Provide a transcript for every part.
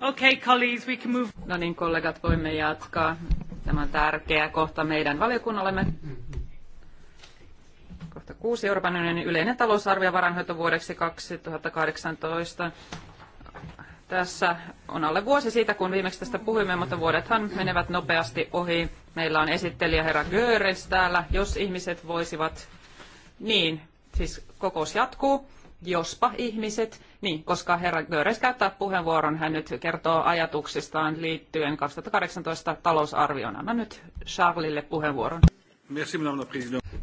Okay, colleagues, we can move. No niin, kollegat, voimme jatkaa. Tämä on tärkeä kohta meidän valiokunnallemme. Kohta kuusi Euroopan unionin yleinen talousarvio varainhoitovuodeksi 2018. Tässä on alle vuosi siitä, kun viimeksi tästä puhuimme, mutta vuodethan menevät nopeasti ohi. Meillä on esittelijä herra Göres täällä, jos ihmiset voisivat. Niin, siis kokous jatkuu jospa ihmiset, niin, koska herra Göres käyttää puheenvuoron, hän nyt kertoo ajatuksistaan liittyen 2018 talousarvioon. Anna nyt Charlille puheenvuoron.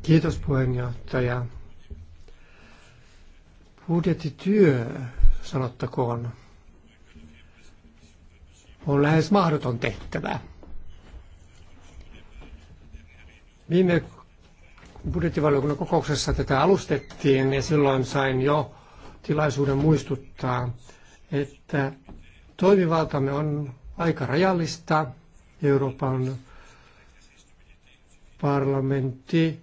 Kiitos puheenjohtaja. Budjettityö, sanottakoon, on lähes mahdoton tehtävä. Viime budjettivaliokunnan kokouksessa tätä alustettiin ja silloin sain jo tilaisuuden muistuttaa, että toimivaltamme on aika rajallista. Euroopan parlamentti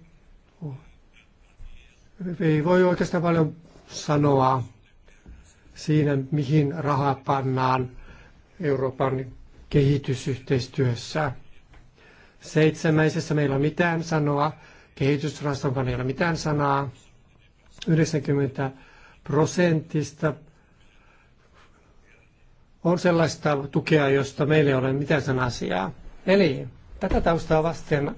ei voi oikeastaan paljon sanoa siinä, mihin rahaa pannaan Euroopan kehitysyhteistyössä. Seitsemäisessä meillä on mitään sanoa, kannalta ei ole mitään sanaa. 90 prosentista on sellaista tukea, josta meillä ei ole mitään sanaa asiaa. Eli tätä taustaa vasten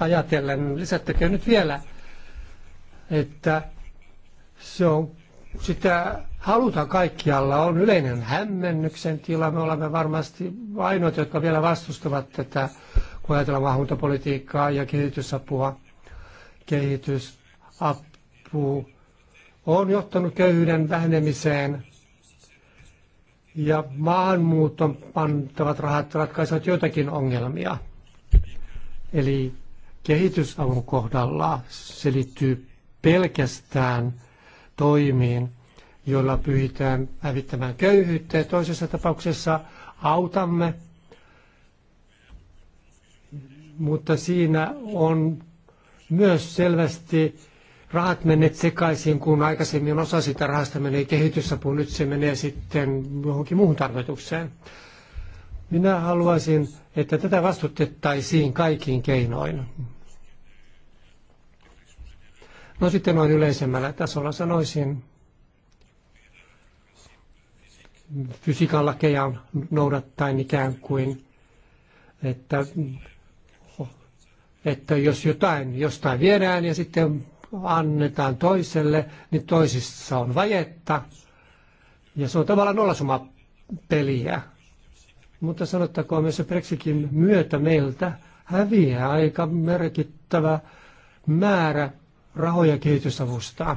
ajatellen lisättäkö nyt vielä, että se on sitä halutaan kaikkialla. On yleinen hämmennyksen tila. Me olemme varmasti ainoat, jotka vielä vastustavat tätä, kun ajatellaan maahanmuuttopolitiikkaa ja kehitysapua kehitys kehitysapu on johtanut köyhyyden vähenemiseen ja maahanmuuton pantavat rahat ratkaisevat joitakin ongelmia. Eli kehitysavun kohdalla se liittyy pelkästään toimiin, joilla pyhitään hävittämään köyhyyttä ja toisessa tapauksessa autamme, mutta siinä on myös selvästi rahat menneet sekaisin, kun aikaisemmin osa sitä rahasta menee kehitysapuun, nyt se menee sitten johonkin muuhun tarkoitukseen. Minä haluaisin, että tätä vastutettaisiin kaikin keinoin. No sitten noin yleisemmällä tasolla sanoisin, fysiikan lakeja noudattaen ikään kuin, että että jos jotain jostain viedään ja sitten annetaan toiselle, niin toisissa on vajetta. Ja se on tavallaan nollasuma peliä. Mutta sanottakoon myös, että Brexitin myötä meiltä häviää aika merkittävä määrä rahoja kehitysavusta.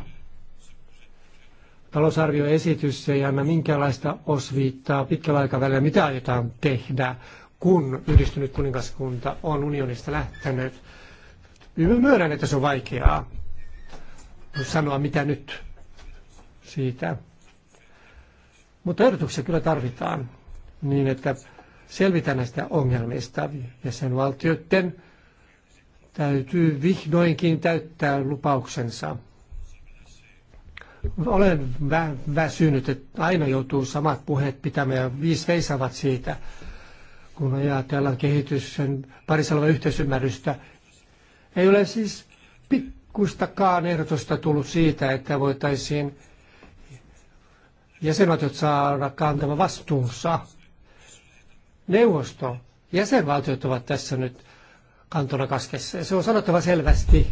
Talousarvioesitys ei anna minkäänlaista osviittaa pitkällä aikavälillä, mitä aiotaan tehdä kun yhdistynyt kuningaskunta on unionista lähtenyt. Myönnän, että se on vaikeaa sanoa mitä nyt siitä. Mutta ehdotuksia kyllä tarvitaan niin, että selvitään näistä ongelmista. ja sen valtioiden täytyy vihdoinkin täyttää lupauksensa. Olen vä- väsynyt, että aina joutuu samat puheet pitämään ja viis veisavat siitä – kun ajatellaan kehityksen parissa olevaa yhteisymmärrystä. Ei ole siis pikkustakaan ehdotusta tullut siitä, että voitaisiin jäsenvaltiot saada kantamaan vastuunsa. Neuvosto, jäsenvaltiot ovat tässä nyt kantona kaskessa. Se on sanottava selvästi,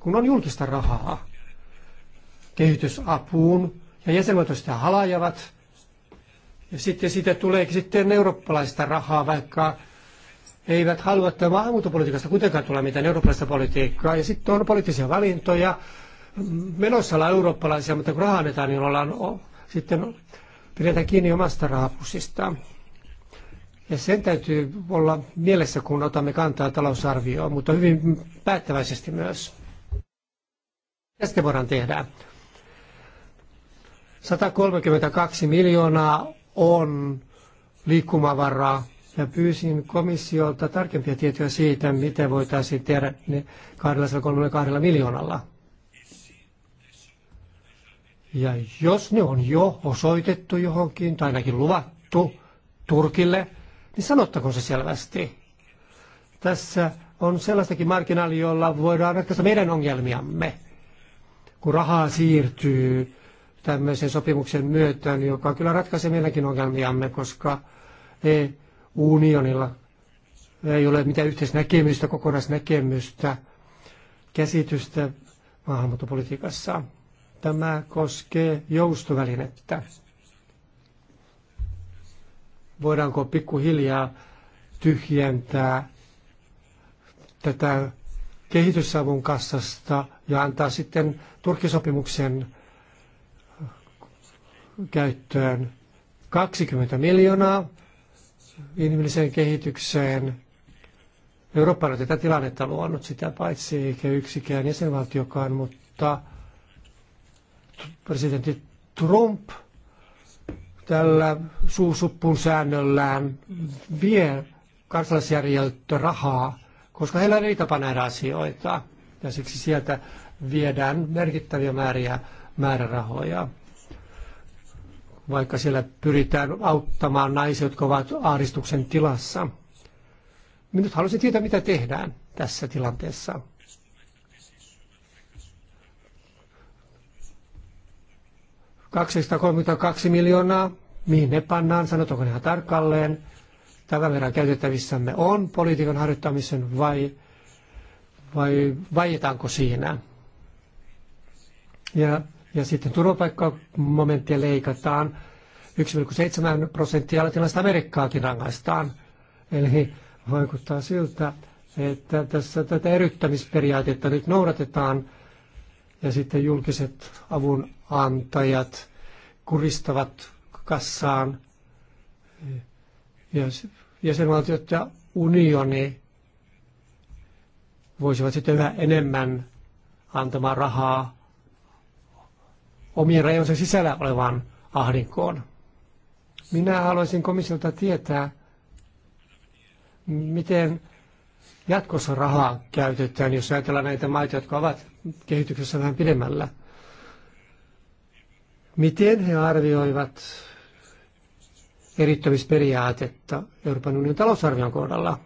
kun on julkista rahaa kehitysapuun ja jäsenvaltiot sitä halajavat, ja sitten siitä tulee sitten eurooppalaista rahaa, vaikka eivät halua että maahanmuuttopolitiikasta kuitenkaan tulee mitään eurooppalaista politiikkaa. Ja sitten on poliittisia valintoja, menossa ollaan eurooppalaisia, mutta kun rahaa annetaan, niin ollaan sitten pidetään kiinni omasta rahapussistaan. Ja sen täytyy olla mielessä, kun otamme kantaa talousarvioon, mutta hyvin päättäväisesti myös. Mitä sitten voidaan tehdä? 132 miljoonaa on liikkumavaraa. Ja pyysin komissiolta tarkempia tietoja siitä, miten voitaisiin tehdä ne 232 miljoonalla. Ja jos ne on jo osoitettu johonkin, tai ainakin luvattu Turkille, niin sanottakoon se selvästi. Tässä on sellaistakin marginaalia, jolla voidaan ratkaista meidän ongelmiamme. Kun rahaa siirtyy tämmöisen sopimuksen myötä, joka kyllä ratkaisee meidänkin ongelmiamme, koska unionilla ei ole mitään yhteisnäkemystä, kokonaisnäkemystä, käsitystä maahanmuuttopolitiikassa. Tämä koskee joustovälinettä. Voidaanko pikkuhiljaa tyhjentää tätä kehitysavun kassasta ja antaa sitten Turkisopimuksen käyttöön 20 miljoonaa inhimilliseen kehitykseen. Eurooppa on tätä tilannetta luonut sitä paitsi eikä yksikään jäsenvaltiokaan, mutta presidentti Trump tällä suusuppun säännöllään vie kansalaisjärjestö rahaa, koska heillä ei tapa nähdä asioita. Ja siksi sieltä viedään merkittäviä määriä määrärahoja vaikka siellä pyritään auttamaan naisia, jotka ovat ahdistuksen tilassa. Minä nyt haluaisin tietää, mitä tehdään tässä tilanteessa. kaksi miljoonaa, mihin ne pannaan, sanotaanko ne tarkalleen. Tämän verran käytettävissämme on politiikan harjoittamisen vai, vai vaietaanko siinä? Ja ja sitten turvapaikkamomenttia leikataan 1,7 prosenttia latinalaista Amerikkaakin rangaistaan. Eli vaikuttaa siltä, että tässä tätä eryttämisperiaatetta nyt noudatetaan ja sitten julkiset avunantajat kuristavat kassaan ja jäsenvaltiot ja unioni voisivat sitten yhä enemmän antamaan rahaa omien rajojensa sisällä olevaan ahdinkoon. Minä haluaisin komissiolta tietää, miten jatkossa rahaa käytetään, jos ajatellaan näitä maita, jotka ovat kehityksessä vähän pidemmällä. Miten he arvioivat erittämisperiaatetta Euroopan unionin talousarvion kohdalla?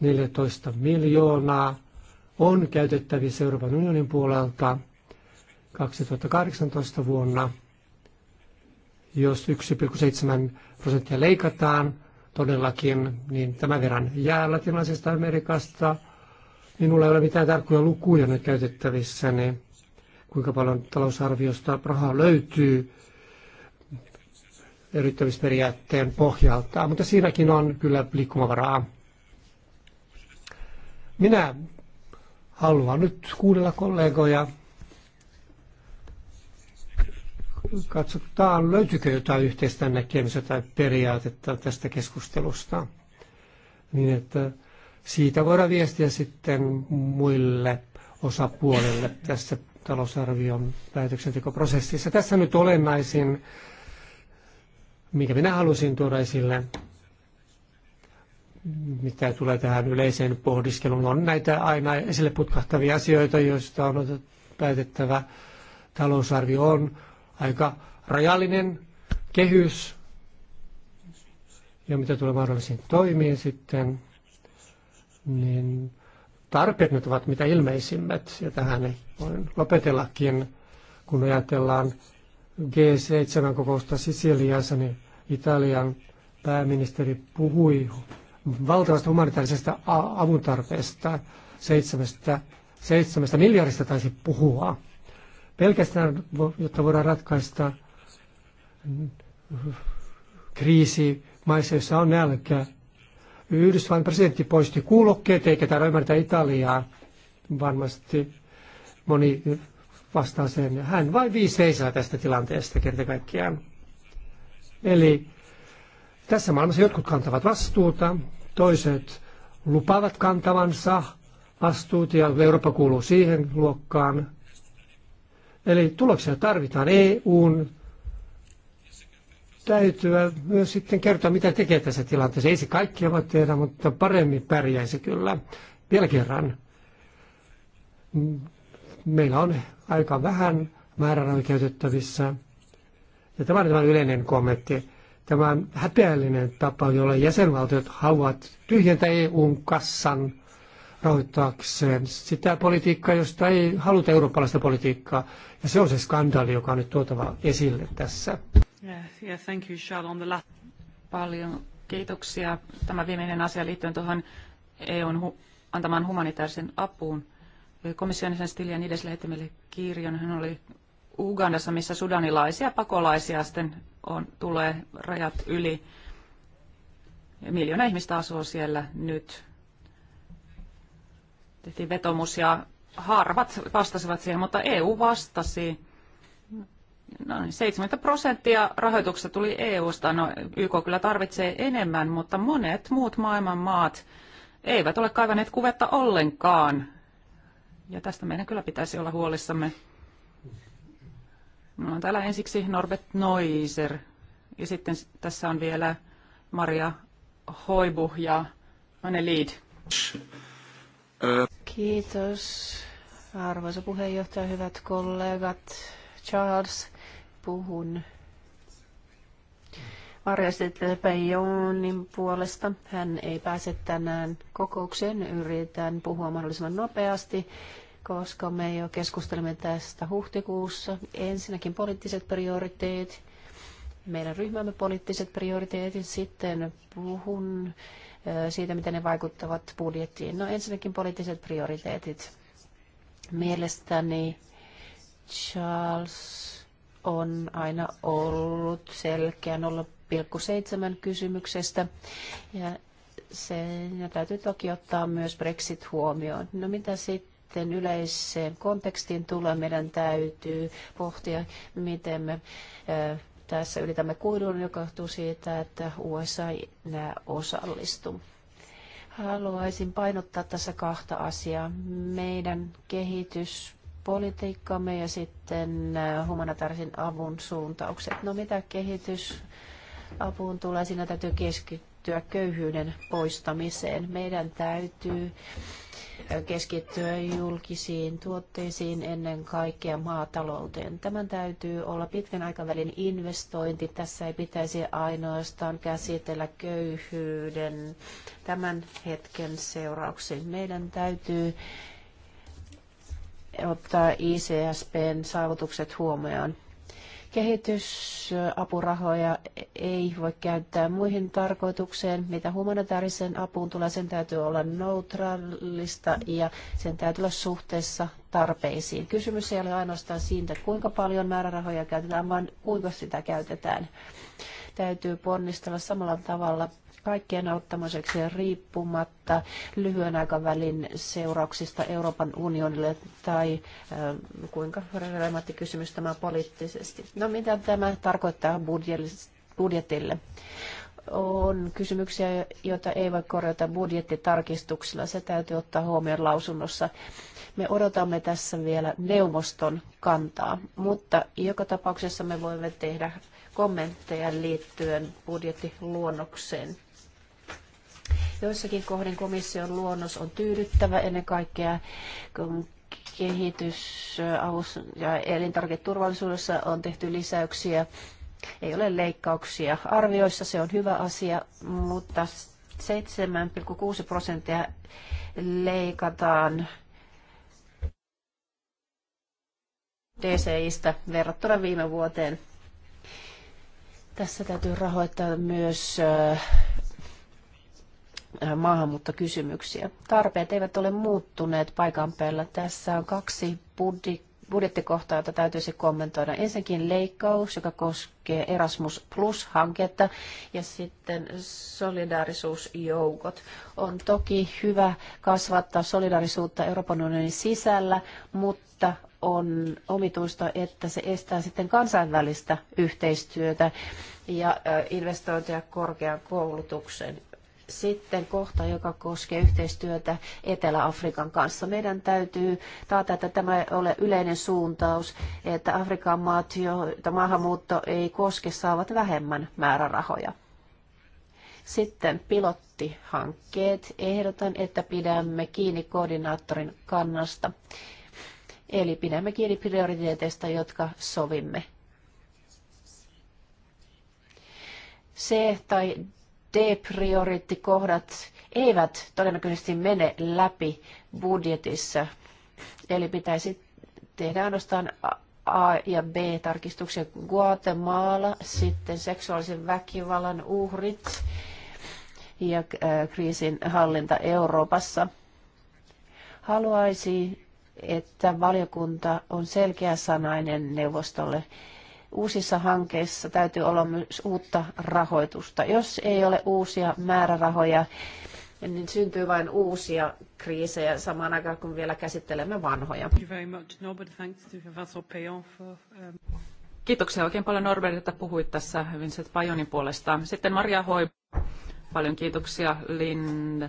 14 miljoonaa on käytettävissä Euroopan unionin puolelta – 2018 vuonna. Jos 1,7 prosenttia leikataan todellakin, niin tämän verran jää latinalaisesta Amerikasta. Minulla ei ole mitään tarkkoja lukuja nyt käytettävissä, niin kuinka paljon talousarviosta rahaa löytyy yrittämisperiaatteen pohjalta, mutta siinäkin on kyllä liikkumavaraa. Minä haluan nyt kuunnella kollegoja katsotaan, löytyykö jotain yhteistä näkemystä tai periaatetta tästä keskustelusta, niin että siitä voidaan viestiä sitten muille osapuolille tässä talousarvion päätöksentekoprosessissa. Tässä nyt olennaisin, mikä minä halusin tuoda esille, mitä tulee tähän yleiseen pohdiskeluun, on näitä aina esille putkahtavia asioita, joista on päätettävä. Talousarvio on aika rajallinen kehys. Ja mitä tulee mahdollisiin toimiin sitten, niin tarpeet nyt ovat mitä ilmeisimmät. Ja tähän ei voi lopetellakin, kun ajatellaan G7-kokousta Sisiliassa, niin Italian pääministeri puhui valtavasta humanitaarisesta avun tarpeesta, seitsemästä, seitsemästä miljardista taisi puhua pelkästään, jotta voidaan ratkaista kriisi maissa, joissa on nälkä. Yhdysvallan presidentti poisti kuulokkeet, eikä täällä ymmärtää Italiaa. Varmasti moni vastaa sen. Hän vain viisi seisaa tästä tilanteesta kerta kaikkiaan. Eli tässä maailmassa jotkut kantavat vastuuta, toiset lupaavat kantavansa vastuut ja Eurooppa kuuluu siihen luokkaan. Eli tuloksia tarvitaan. EUn täytyä myös sitten kertoa, mitä tekee tässä tilanteessa. Ei se kaikkia voi tehdä, mutta paremmin pärjäisi kyllä. Vielä kerran. Meillä on aika vähän määrärahoja käytettävissä. Ja tämä on tämä yleinen kommentti. Tämä on häpeällinen tapa, jolla jäsenvaltiot haluavat tyhjentää EUn kassan – rahoittaakseen sitä politiikkaa, josta ei haluta eurooppalaista politiikkaa. Ja se on se skandaali, joka on nyt tuotava esille tässä. Yeah, yeah, thank you, Charles, on the last... Paljon kiitoksia. Tämä viimeinen asia liittyen tuohon EUn hu- antamaan humanitaarisen apuun. Komission jäsen Stiljanides lähetti meille kirjan. Hän oli Ugandassa, missä sudanilaisia pakolaisia sitten on, tulee rajat yli. Miljoona ihmistä asuu siellä nyt tehtiin vetomus ja harvat vastasivat siihen, mutta EU vastasi. No niin, 70 prosenttia rahoituksesta tuli EUsta. No, YK kyllä tarvitsee enemmän, mutta monet muut maailman maat eivät ole kaivaneet kuvetta ollenkaan. Ja tästä meidän kyllä pitäisi olla huolissamme. Minulla on täällä ensiksi Norbert Noiser ja sitten tässä on vielä Maria Hoibu ja Anne Lied. Kiitos, arvoisa puheenjohtaja, hyvät kollegat. Charles, puhun varjastettelija Pajonin puolesta. Hän ei pääse tänään kokoukseen. Yritän puhua mahdollisimman nopeasti, koska me jo keskustelimme tästä huhtikuussa. Ensinnäkin poliittiset prioriteetit, meidän ryhmämme poliittiset prioriteetit. Sitten puhun siitä, miten ne vaikuttavat budjettiin. No ensinnäkin poliittiset prioriteetit. Mielestäni Charles on aina ollut selkeä 0,7 kysymyksestä ja sen ja täytyy toki ottaa myös Brexit huomioon. No mitä sitten yleiseen kontekstiin tulee, meidän täytyy pohtia, miten me tässä ylitämme kuidun, joka johtuu siitä, että USA ei enää osallistu. Haluaisin painottaa tässä kahta asiaa. Meidän kehityspolitiikkamme ja sitten äh, humanitaarisen avun suuntaukset. No mitä kehitysapuun tulee, siinä täytyy keskittyä köyhyyden poistamiseen. Meidän täytyy keskittyä julkisiin tuotteisiin ennen kaikkea maatalouteen. Tämän täytyy olla pitkän aikavälin investointi. Tässä ei pitäisi ainoastaan käsitellä köyhyyden tämän hetken seurauksia. Meidän täytyy ottaa ICSPn saavutukset huomioon. Kehitysapurahoja ei voi käyttää muihin tarkoitukseen, mitä humanitaariseen apuun tulee. Sen täytyy olla neutraalista ja sen täytyy olla suhteessa tarpeisiin. Kysymys ei ole ainoastaan siitä, kuinka paljon määrärahoja käytetään, vaan kuinka sitä käytetään. Täytyy ponnistella samalla tavalla kaikkien auttamiseksi riippumatta lyhyen aikavälin seurauksista Euroopan unionille tai äh, kuinka relevantti kysymys tämä poliittisesti. No mitä tämä tarkoittaa budjetille? on kysymyksiä, joita ei voi korjata budjettitarkistuksilla. Se täytyy ottaa huomioon lausunnossa. Me odotamme tässä vielä neuvoston kantaa, mutta joka tapauksessa me voimme tehdä kommentteja liittyen budjettiluonnokseen. Joissakin kohden komission luonnos on tyydyttävä ennen kaikkea, kun kehitysavus ja elintarviketurvallisuudessa on tehty lisäyksiä. Ei ole leikkauksia arvioissa, se on hyvä asia, mutta 7,6 prosenttia leikataan DCIstä verrattuna viime vuoteen. Tässä täytyy rahoittaa myös äh, Äh, maahanmuuttokysymyksiä. Tarpeet eivät ole muuttuneet paikan päällä. Tässä on kaksi budjettia budjettikohtaa, jota täytyisi kommentoida. Ensinnäkin leikkaus, joka koskee Erasmus Plus-hanketta ja sitten solidaarisuusjoukot. On toki hyvä kasvattaa solidaarisuutta Euroopan unionin sisällä, mutta on omituista, että se estää sitten kansainvälistä yhteistyötä ja äh, investointeja korkean koulutuksen. Sitten kohta, joka koskee yhteistyötä Etelä-Afrikan kanssa. Meidän täytyy taata, että tämä ei ole yleinen suuntaus, että Afrikan maat, joita maahanmuutto ei koske, saavat vähemmän määrärahoja. Sitten pilottihankkeet. Ehdotan, että pidämme kiinni koordinaattorin kannasta. Eli pidämme kiinni prioriteeteista, jotka sovimme. C- tai D-prioriti D-prioriittikohdat eivät todennäköisesti mene läpi budjetissa. Eli pitäisi tehdä ainoastaan A- ja B-tarkistuksia. Guatemala, sitten seksuaalisen väkivallan uhrit ja äh, kriisin hallinta Euroopassa. Haluaisi, että valiokunta on selkeäsanainen neuvostolle uusissa hankkeissa täytyy olla myös uutta rahoitusta. Jos ei ole uusia määrärahoja, niin syntyy vain uusia kriisejä samaan aikaan, kun vielä käsittelemme vanhoja. Um, kiitoksia oikein paljon Norbert, että puhuit tässä Vincent Pajonin puolesta. Sitten Maria Hoi, paljon kiitoksia Lind.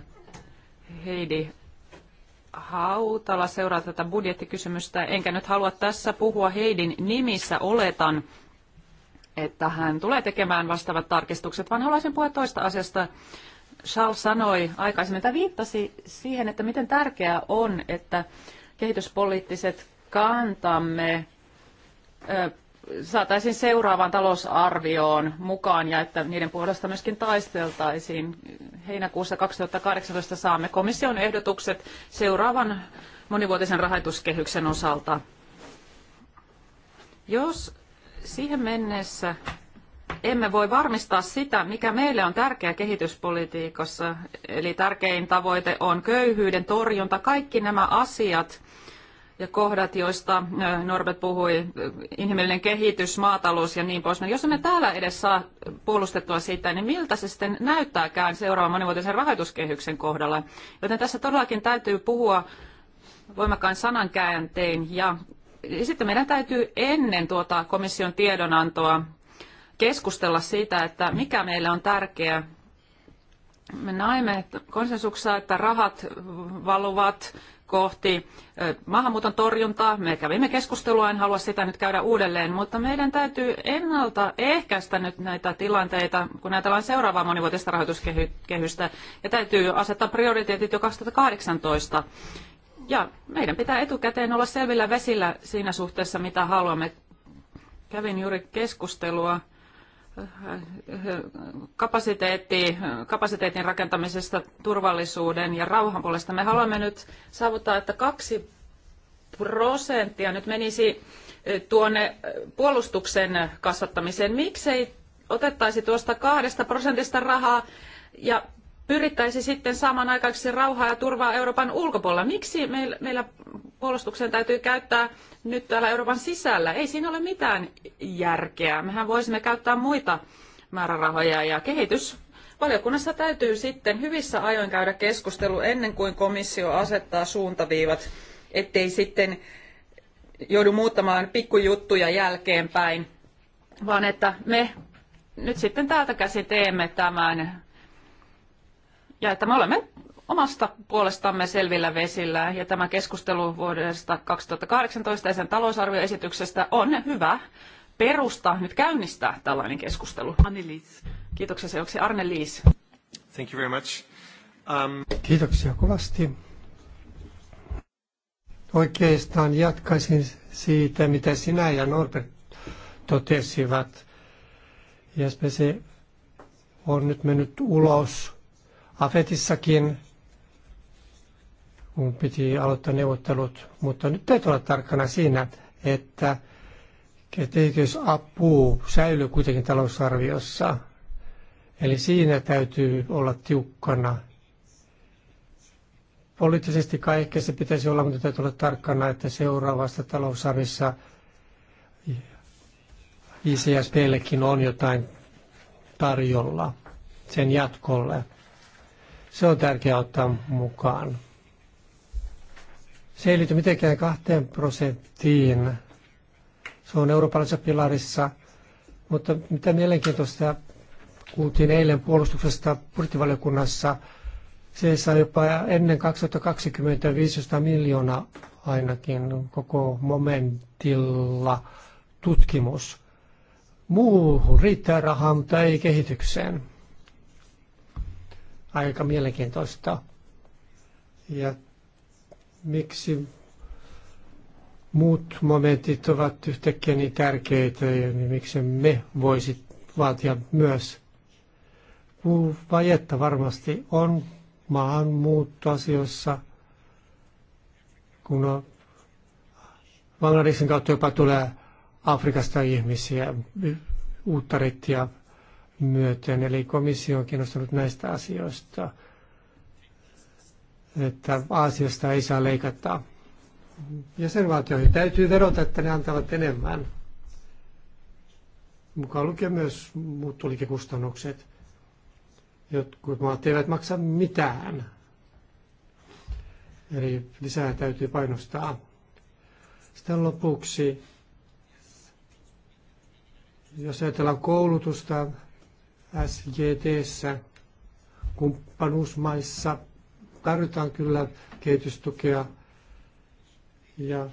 Heidi Hautala seuraa tätä budjettikysymystä, enkä nyt halua tässä puhua Heidin nimissä, oletan, että hän tulee tekemään vastaavat tarkistukset, vaan haluaisin puhua toista asiasta. Charles sanoi aikaisemmin, että viittasi siihen, että miten tärkeää on, että kehityspoliittiset kantamme saataisiin seuraavaan talousarvioon mukaan ja että niiden puolesta myöskin taisteltaisiin. Heinäkuussa 2018 saamme komission ehdotukset seuraavan monivuotisen rahoituskehyksen osalta. Jos siihen mennessä emme voi varmistaa sitä, mikä meille on tärkeää kehityspolitiikassa, eli tärkein tavoite on köyhyyden torjunta, kaikki nämä asiat – ja kohdat, joista Norbert puhui, inhimillinen kehitys, maatalous ja niin poispäin. Jos emme täällä edes saa puolustettua siitä, niin miltä se sitten näyttääkään seuraavan monivuotisen rahoituskehyksen kohdalla? Joten tässä todellakin täytyy puhua voimakkaan sanankääntein ja sitten meidän täytyy ennen tuota komission tiedonantoa keskustella siitä, että mikä meille on tärkeää. Me näemme konsensuksessa, että rahat valuvat kohti maahanmuuton torjuntaa. Me kävimme keskustelua, en halua sitä nyt käydä uudelleen, mutta meidän täytyy ennaltaehkäistä nyt näitä tilanteita, kun ajatellaan seuraavaa monivuotista rahoituskehystä, ja täytyy asettaa prioriteetit jo 2018. Ja meidän pitää etukäteen olla selvillä vesillä siinä suhteessa, mitä haluamme. Kävin juuri keskustelua kapasiteetti, kapasiteetin rakentamisesta turvallisuuden ja rauhan puolesta. Me haluamme nyt saavuttaa, että kaksi prosenttia nyt menisi eh, tuonne eh, puolustuksen kasvattamiseen. Miksei otettaisi tuosta kahdesta prosentista rahaa ja pyrittäisi sitten samanaikaisesti rauhaa ja turvaa Euroopan ulkopuolella. Miksi meillä, meillä puolustukseen täytyy käyttää nyt täällä Euroopan sisällä. Ei siinä ole mitään järkeä. Mehän voisimme käyttää muita määrärahoja ja kehitys. Valiokunnassa täytyy sitten hyvissä ajoin käydä keskustelu ennen kuin komissio asettaa suuntaviivat, ettei sitten joudu muuttamaan pikkujuttuja jälkeenpäin, vaan että me nyt sitten täältä käsin teemme tämän ja että me olemme omasta puolestamme selvillä vesillä. Ja tämä keskustelu vuodesta 2018 ja sen talousarvioesityksestä on hyvä perusta nyt käynnistää tällainen keskustelu. Anneliis. Kiitoksia seuraavaksi Arne Liis. Thank you very much. Um... Kiitoksia kovasti. Oikeastaan jatkaisin siitä, mitä sinä ja Norbert totesivat. se on nyt mennyt ulos Afetissakin kun piti aloittaa neuvottelut, mutta nyt täytyy olla tarkkana siinä, että kehitysapu säilyy kuitenkin talousarviossa. Eli siinä täytyy olla tiukkana. Poliittisesti kai se pitäisi olla, mutta täytyy olla tarkkana, että seuraavassa talousarvissa ICSPllekin on jotain tarjolla sen jatkolle. Se on tärkeää ottaa mukaan. Se ei liity mitenkään kahteen prosenttiin. Se on eurooppalaisessa pilarissa. Mutta mitä mielenkiintoista kuultiin eilen puolustuksesta budjettivaliokunnassa, se saa jopa ennen 2020 500 miljoonaa ainakin koko momentilla tutkimus. Muuhun riittää rahaa, mutta ei kehitykseen. Aika mielenkiintoista. Ja miksi muut momentit ovat yhtäkkiä niin tärkeitä ja niin miksi me voisi vaatia myös. Vajetta varmasti on maahanmuuttoasioissa, kun on Bangladesin kautta jopa tulee Afrikasta ihmisiä uutta myöten, eli komissio on kiinnostunut näistä asioista että Aasiasta ei saa leikata. Jäsenvaltioihin täytyy verota, että ne antavat enemmän. Mukaan lukee myös muuttoliikekustannukset. Jotkut maat eivät maksa mitään. Eli lisää täytyy painostaa. Sitten lopuksi, jos ajatellaan koulutusta SJT-ssä, kumppanuusmaissa – tarvitaan kyllä kehitystukea ja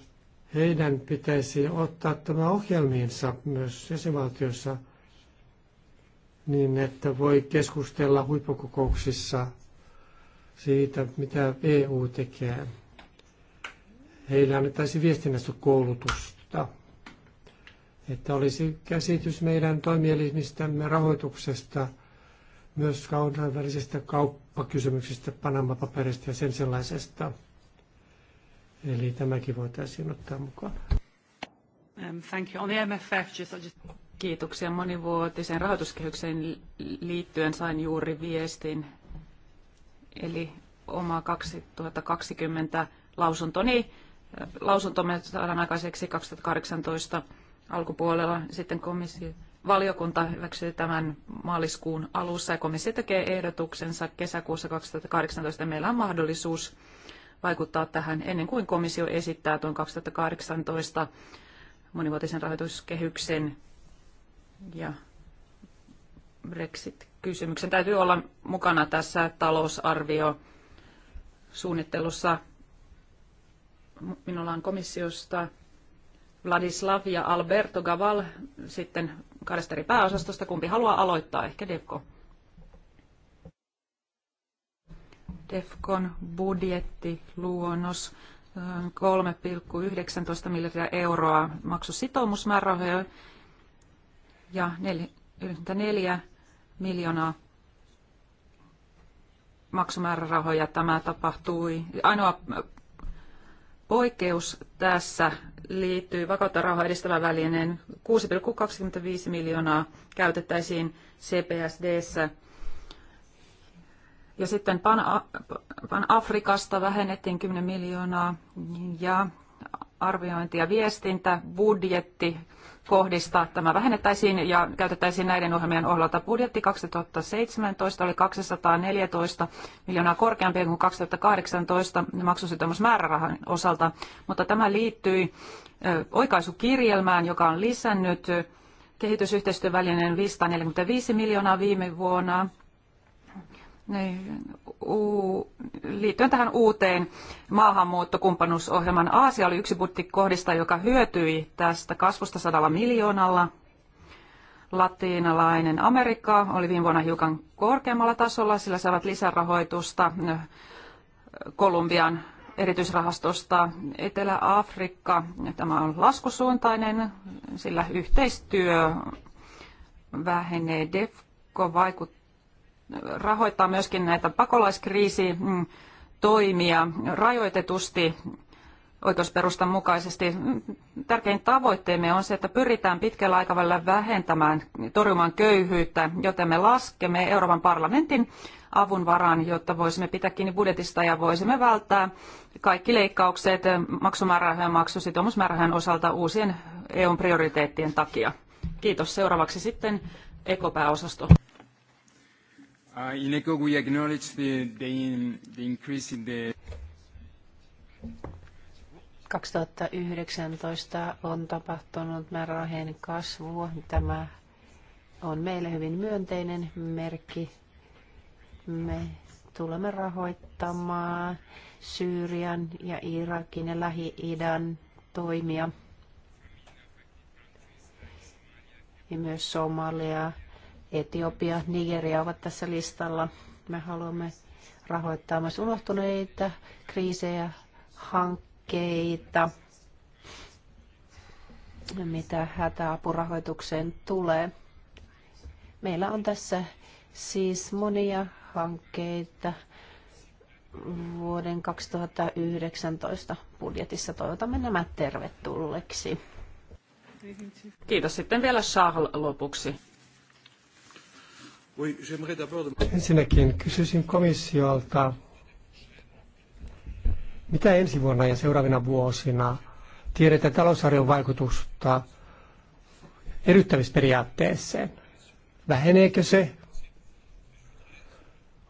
heidän pitäisi ottaa tämä ohjelmiinsa myös jäsenvaltioissa niin, että voi keskustella huippukokouksissa siitä, mitä EU tekee. Heillä annettaisiin viestinnästä koulutusta, että olisi käsitys meidän toimielimistämme rahoituksesta, myös kansainvälisestä kauppaa kauppakysymyksistä, Panama-paperista ja sen sellaisesta. Eli tämäkin voitaisiin ottaa mukaan. Um, thank you. On the MFF, just, just... Kiitoksia Monivuotiseen rahoituskehykseen liittyen sain juuri viestin. Eli oma 2020 lausuntoni, äh, lausuntomme saadaan aikaiseksi 2018 alkupuolella. Sitten komissio Valiokunta hyväksyi tämän maaliskuun alussa ja komissio tekee ehdotuksensa kesäkuussa 2018. Meillä on mahdollisuus vaikuttaa tähän ennen kuin komissio esittää tuon 2018 monivuotisen rahoituskehyksen ja Brexit-kysymyksen. Täytyy olla mukana tässä talousarvio suunnittelussa. Minulla on komissiosta Vladislav ja Alberto Gaval sitten kahdesta eri pääosastosta. Kumpi haluaa aloittaa? Ehkä Defko. Defcon budjetti, luonnos 3,19 miljardia euroa maksusitoumusmäärärahoja ja 94 miljoonaa maksumäärärahoja. Tämä tapahtui. Ainoa poikkeus tässä liittyy vakautta rauhaa edistävän välineen 6,25 miljoonaa käytettäisiin CPSDssä. Ja sitten Pan-Afrikasta vähennettiin 10 miljoonaa ja arviointi ja viestintä, budjetti, kohdistaa tämä vähennettäisiin ja käytettäisiin näiden ohjelmien ohjelta. Budjetti 2017 oli 214 miljoonaa korkeampi kuin 2018 maksusitoimusmäärärahan osalta, mutta tämä liittyi oikaisukirjelmään, joka on lisännyt kehitysyhteistyövälineen 545 miljoonaa viime vuonna niin, liittyen tähän uuteen maahanmuuttokumppanuusohjelman. Aasia oli yksi budjettikohdista, joka hyötyi tästä kasvusta sadalla miljoonalla. Latinalainen Amerikka oli viime vuonna hiukan korkeammalla tasolla, sillä saavat lisärahoitusta Kolumbian erityisrahastosta Etelä-Afrikka. Tämä on laskusuuntainen, sillä yhteistyö vähenee. DEFCO vaikuttaa rahoittaa myöskin näitä pakolaiskriisitoimia mm, rajoitetusti oikeusperustan mukaisesti. Tärkein tavoitteemme on se, että pyritään pitkällä aikavälillä vähentämään, torjumaan köyhyyttä, joten me laskemme Euroopan parlamentin avun varaan, jotta voisimme pitää kiinni budjetista ja voisimme välttää kaikki leikkaukset maksumäärärahojen maksusitoumusmäärärahojen osalta uusien EUn prioriteettien takia. Kiitos. Seuraavaksi sitten ekopääosasto. Uh, we acknowledge the, increase in the 2019 on tapahtunut määrärahojen kasvu. Tämä on meille hyvin myönteinen merkki. Me tulemme rahoittamaan Syyrian ja Irakin ja Lähi-idän toimia ja myös Somaliaa Etiopia, Nigeria ovat tässä listalla. Me haluamme rahoittaa myös unohtuneita kriisejä, hankkeita, mitä hätäapurahoitukseen tulee. Meillä on tässä siis monia hankkeita vuoden 2019 budjetissa. Toivotamme nämä tervetulleeksi. Kiitos sitten vielä Charles lopuksi. Ensinnäkin kysyisin komissiolta, mitä ensi vuonna ja seuraavina vuosina tiedetään talousarvion vaikutusta eryttämisperiaatteeseen? Väheneekö se?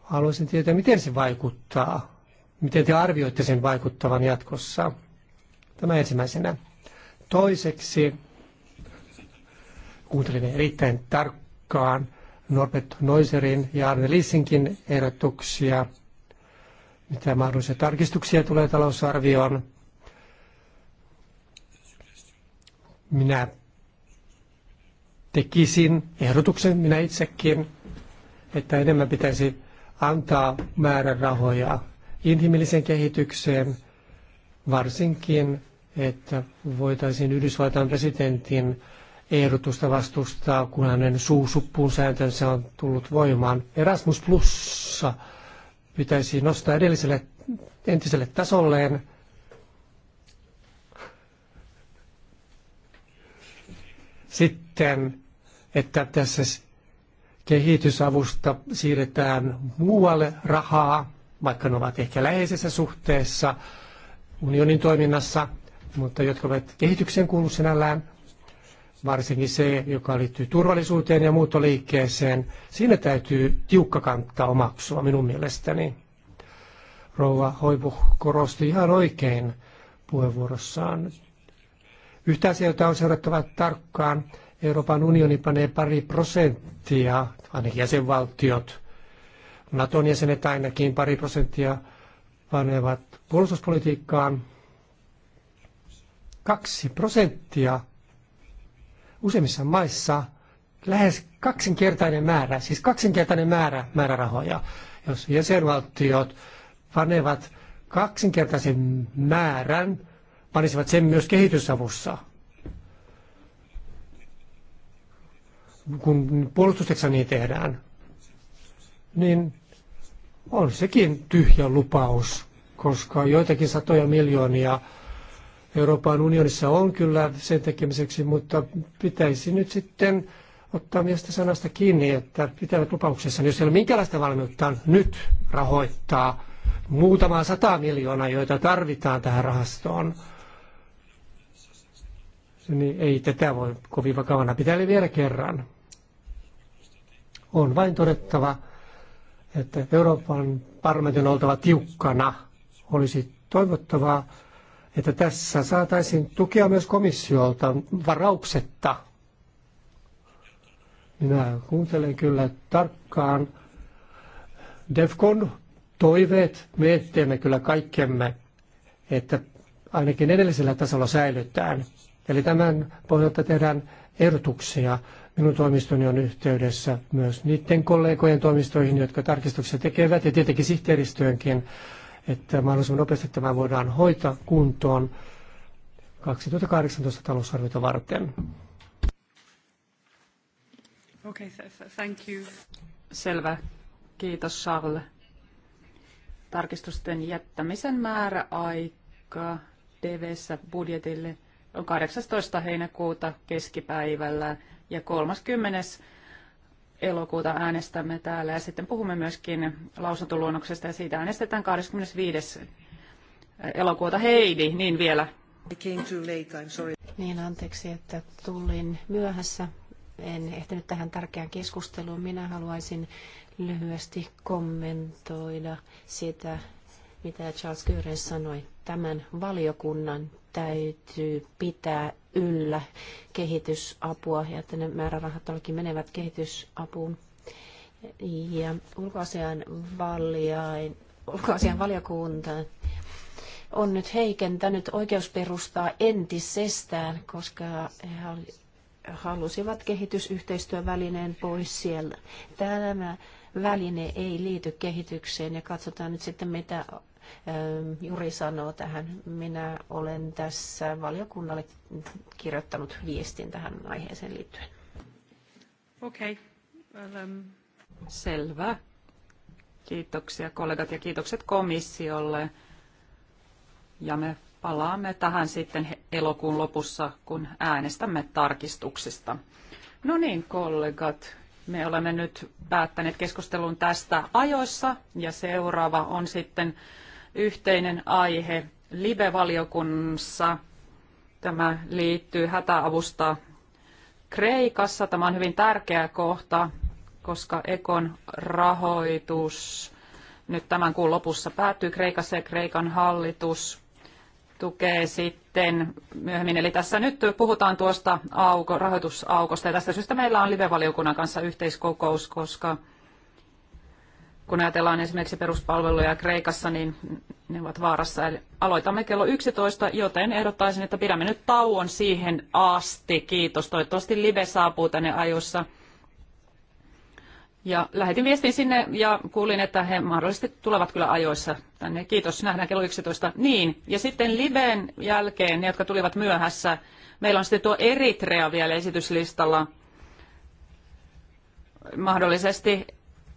Haluaisin tietää, miten se vaikuttaa. Miten te arvioitte sen vaikuttavan jatkossa? Tämä ensimmäisenä. Toiseksi, kuuntelin erittäin tarkkaan Norbert Noiserin ja Arne Lissinkin ehdotuksia, mitä mahdollisia tarkistuksia tulee talousarvioon. Minä tekisin ehdotuksen, minä itsekin, että enemmän pitäisi antaa määrärahoja inhimilliseen kehitykseen, varsinkin, että voitaisiin Yhdysvaltain presidentin ehdotusta vastustaa, kun hänen suusuppuun sääntönsä on tullut voimaan. Erasmus Plussa pitäisi nostaa edelliselle entiselle tasolleen. Sitten, että tässä kehitysavusta siirretään muualle rahaa, vaikka ne ovat ehkä läheisessä suhteessa unionin toiminnassa, mutta jotka ovat kehityksen kuulu sinällään – varsinkin se, joka liittyy turvallisuuteen ja muuttoliikkeeseen, siinä täytyy tiukka kantta omaksua minun mielestäni. Rouva Hoivu korosti ihan oikein puheenvuorossaan. Yhtä asiaa on seurattava tarkkaan. Euroopan unioni panee pari prosenttia, ainakin jäsenvaltiot, Naton jäsenet ainakin pari prosenttia panevat puolustuspolitiikkaan. Kaksi prosenttia useimmissa maissa lähes kaksinkertainen määrä, siis kaksinkertainen määrä määrärahoja. Jos jäsenvaltiot panevat kaksinkertaisen määrän, panisivat sen myös kehitysavussa. Kun puolustusteksa niin tehdään, niin on sekin tyhjä lupaus, koska joitakin satoja miljoonia Euroopan unionissa on kyllä sen tekemiseksi, mutta pitäisi nyt sitten ottaa miestä sanasta kiinni, että pitävät lupauksessa, niin jos ei ole minkälaista valmiutta nyt rahoittaa muutamaa sata miljoonaa, joita tarvitaan tähän rahastoon, niin ei tätä voi kovin vakavana pitää vielä kerran. On vain todettava, että Euroopan parlamentin on oltava tiukkana. Olisi toivottavaa, että tässä saataisiin tukea myös komissiolta varauksetta. Minä kuuntelen kyllä tarkkaan DEFCON toiveet. Me teemme kyllä kaikkemme, että ainakin edellisellä tasolla säilytään. Eli tämän pohjalta tehdään ehdotuksia. Minun toimistoni on yhteydessä myös niiden kollegojen toimistoihin, jotka tarkistuksia tekevät ja tietenkin sihteeristöönkin että mahdollisimman nopeasti tämä voidaan hoitaa kuntoon 2018 talousarviota varten. Okay, thank you. Selvä. Kiitos Charles. Tarkistusten jättämisen määräaika DVssä budjetille on 18. heinäkuuta keskipäivällä ja 30 elokuuta äänestämme täällä ja sitten puhumme myöskin lausuntoluonnoksesta ja siitä äänestetään 25. elokuuta. Heidi, niin vielä. came too late, I'm sorry. Niin, anteeksi, että tulin myöhässä. En ehtinyt tähän tärkeään keskusteluun. Minä haluaisin lyhyesti kommentoida sitä, mitä Charles Gören sanoi. Tämän valiokunnan täytyy pitää yllä kehitysapua ja että ne määrärahat todellakin menevät kehitysapuun. Ja ulkoasian, valjain, ulkoasian valiokunta on nyt heikentänyt oikeusperustaa entisestään, koska he halusivat kehitysyhteistyövälineen pois siellä. Tämä väline ei liity kehitykseen ja katsotaan nyt sitten, mitä ähm, Juri sanoo tähän. Minä olen tässä valiokunnalle kirjoittanut viestin tähän aiheeseen liittyen. Okei. Okay. um... Selvä. Kiitoksia kollegat ja kiitokset komissiolle. Ja me palaamme tähän sitten elokuun lopussa, kun äänestämme tarkistuksista. No niin, kollegat, me olemme nyt päättäneet keskustelun tästä ajoissa ja seuraava on sitten yhteinen aihe Libe-valiokunnassa. Tämä liittyy hätäavusta Kreikassa. Tämä on hyvin tärkeä kohta, koska Ekon rahoitus nyt tämän kuun lopussa päättyy Kreikassa ja Kreikan hallitus tukee sitten myöhemmin. Eli tässä nyt puhutaan tuosta auko, rahoitusaukosta ja tästä syystä meillä on live-valiokunnan kanssa yhteiskokous, koska kun ajatellaan esimerkiksi peruspalveluja Kreikassa, niin ne ovat vaarassa. Eli aloitamme kello 11, joten ehdottaisin, että pidämme nyt tauon siihen asti. Kiitos. Toivottavasti live saapuu tänne ajoissa. Ja lähetin viestin sinne ja kuulin, että he mahdollisesti tulevat kyllä ajoissa tänne. Kiitos, nähdään kello 11. Niin, ja sitten liveen jälkeen, ne jotka tulivat myöhässä, meillä on sitten tuo Eritrea vielä esityslistalla. Mahdollisesti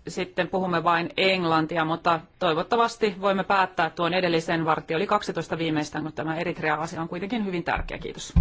sitten puhumme vain englantia, mutta toivottavasti voimme päättää tuon edellisen vartti. Oli 12 viimeistään, mutta tämä Eritrea-asia on kuitenkin hyvin tärkeä. Kiitos.